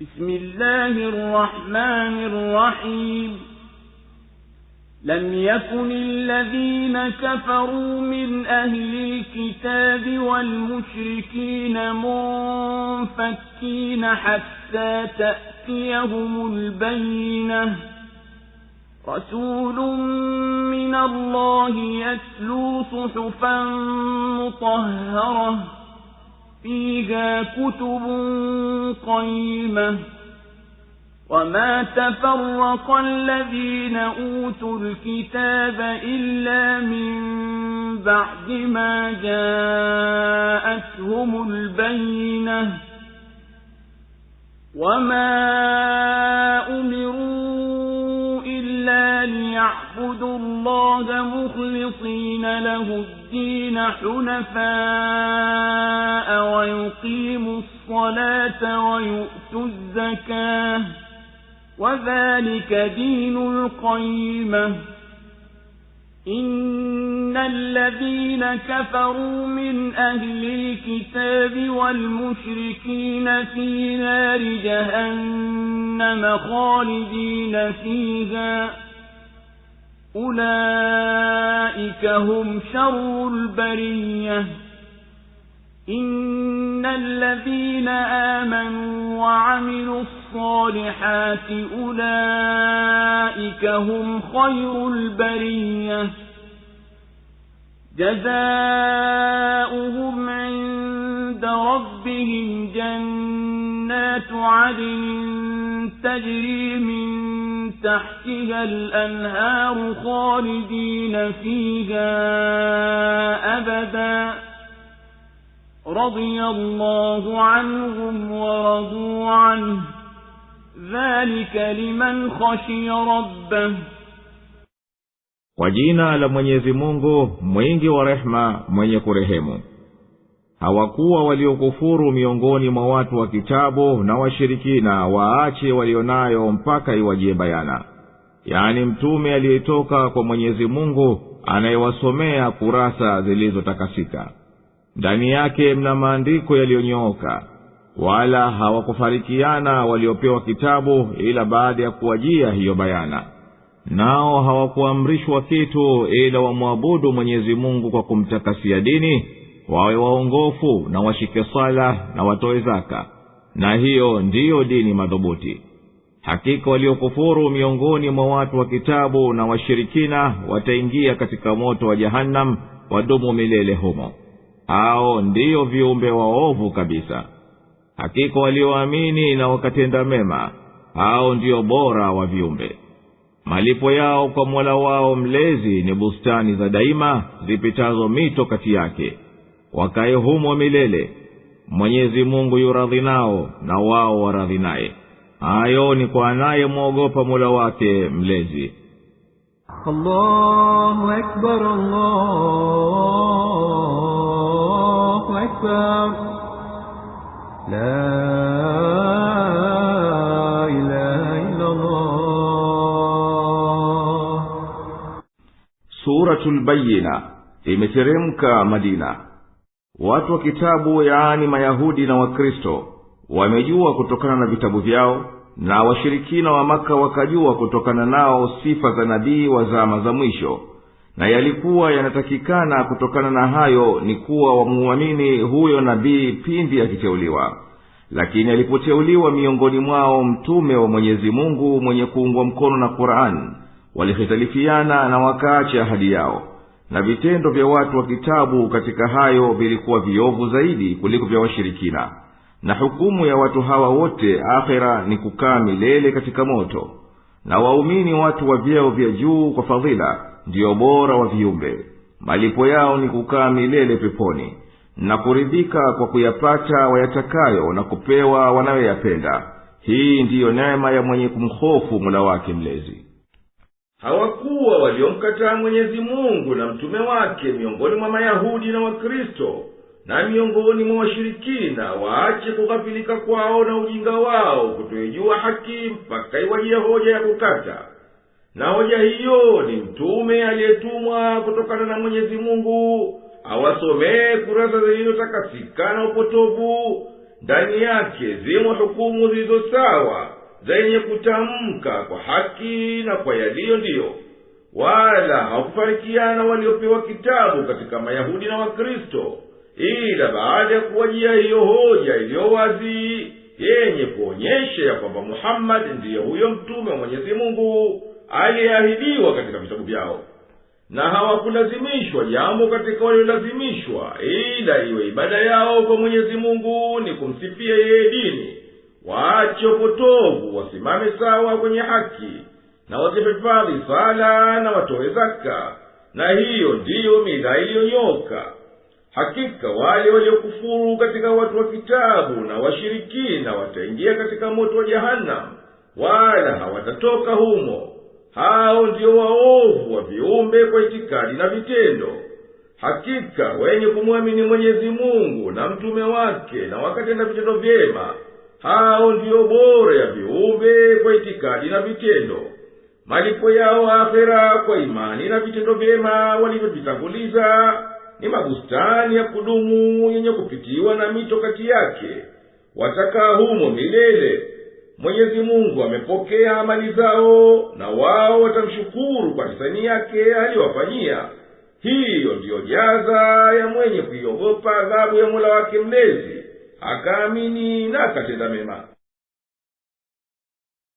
بسم الله الرحمن الرحيم لم يكن الذين كفروا من أهل الكتاب والمشركين منفكين حتى تأتيهم البينة رسول من الله يتلو صحفا مطهرة فيها كتب قيمة وما تفرق الذين أوتوا الكتاب إلا من بعد ما جاءتهم البينة وما أمروا ليعبدوا الله مخلصين له الدين حنفاء ويقيموا الصلاة ويؤتوا الزكاة وذلك دين القيمة إن الذين كفروا من أهل الكتاب والمشركين في نار جهنم خالدين فيها أولئك هم شر البرية إن الذين آمنوا وعملوا الصالحات أولئك هم خير البرية جزاؤهم عند ربهم جنات عدن تجري من تحتها الأنهار خالدين فيها أبدا رضي الله عنهم ورضوا عنه ذلك لمن خشي ربه kwa jina la mwenyezi mungu mwingi wa mwenye kurehemu hawakuwa waliokufuru miongoni mwa watu wa kitabu na washirikina waache walionayo mpaka iwajie bayana yaani mtume aliyetoka kwa mwenyezi mungu anayewasomea kurasa zilizotakasika ndani yake mna maandiko yaliyonyooka wala hawakufarikiana waliopewa kitabu ila baada ya kuwajia hiyo bayana nao hawakuamrishwa kitu ila wamwabudu mwenyezi mungu kwa kumtakasia dini wawe waongofu na washike sala na watoe zaka na hiyo ndiyo dini madhubuti hakika waliokufuru miongoni mwa watu wa kitabu na washirikina wataingia katika moto wa jahanam wadumu milele humo hao ndiyo viumbe waovu kabisa hakika walioamini na wakatenda mema hao ndiyo bora wa viumbe malipo yao kwa mola wao mlezi ni bustani za daima zipitazo mito kati yake wakaye humo milele mwenyezi mungu yuradhi nao na wao waradhi naye hayo ni kwa anayemwogopa mola wake mlezi allahu akbar, allahu akbar. La ilaha Suratul Bayyina imeteremka Madina watu wa kitabu yaani mayahudi na wakristo wamejua kutokana na vitabu vyao na washirikina wa maka wakajua kutokana nao sifa za nabii wa zama za mwisho na yalikuwa yanatakikana kutokana na hayo ni kuwa wamuamini huyo nabii pindi akiteuliwa lakini alipoteuliwa miongoni mwao mtume wa mwenyezi mungu mwenye kuungwa mkono na qurani walihitalifiana na wakaacha ahadi yao na vitendo vya watu wa kitabu katika hayo vilikuwa viovu zaidi kuliko vya washirikina na hukumu ya watu hawa wote akhera ni kukaa milele katika moto na waumini watu wa vyeo vya juu kwa fadhila ndiyo bora wa viumbe malipo yao ni kukaa milele peponi na kuridhika kwa kuyapata wayatakayo na kupewa wanayoyapenda hii ndiyo neema ya mwenye kumhofu mula wake mlezi hawakuwa waliomkataa mwenyezi mungu na mtume wake miongoni mwa mayahudi na wakristo na miongoni mwa washirikina waache kughafilika kwao na ujinga wao kutoijua haki mpaka iwajiya hoja ya kukata na hoja hiyo ni mtume aliyetumwa kutokana na mwenyezi mungu awasomee kurasa zilizotakasika na upotovu ndani yake zimo hukumu zilizosawa zenye kutamka kwa haki na kwa yaliyo ndiyo wala hawakufarikiana waliopewa kitabu katika mayahudi na wakristo ila baada ya kuwajia hiyo hoja iliyo wazi yenye kuonyesha ya kwamba muhammadi ndiye huyo mtume wa mwenyezi mungu aliyeahidiwa katika vitabu vyao na hawakulazimishwa jambo katika waliolazimishwa ila iwe ibada yao kwa mwenyezi mungu ni kumsifia yeye dini waache upotovu wasimame sawa kwenye haki na wazihifadhi sala na watowe zaka na hiyo ndiyo mila iliyonyoka hakika wale waliokufuru katika watu wa kitabu na washirikina wataingia katika moto wa jahanamu wala hawatatoka humo hao ndiyo waovu wa viumbe kwa itikadi na vitendo hakika wenye kumwamini mwenyezi mungu na mtume wake na wakatenda vitendo vyema hao ndiyo bora ya viumbe kwa itikadi na vitendo malipo yao afera kwa imani na vitendo vyema walivyovitanguliza ni mabustani ya kudumu yenye kupitiwa na mito kati yake watakaa humo milele mwenyezi mungu amepokea amali zao na wao watamshukuru kwa hisani yake aliyowafanyia hiyo ndiyo jaza ya mwenye kuiogopa adhabu ya mola wake mlezi 赤身になかけだめます。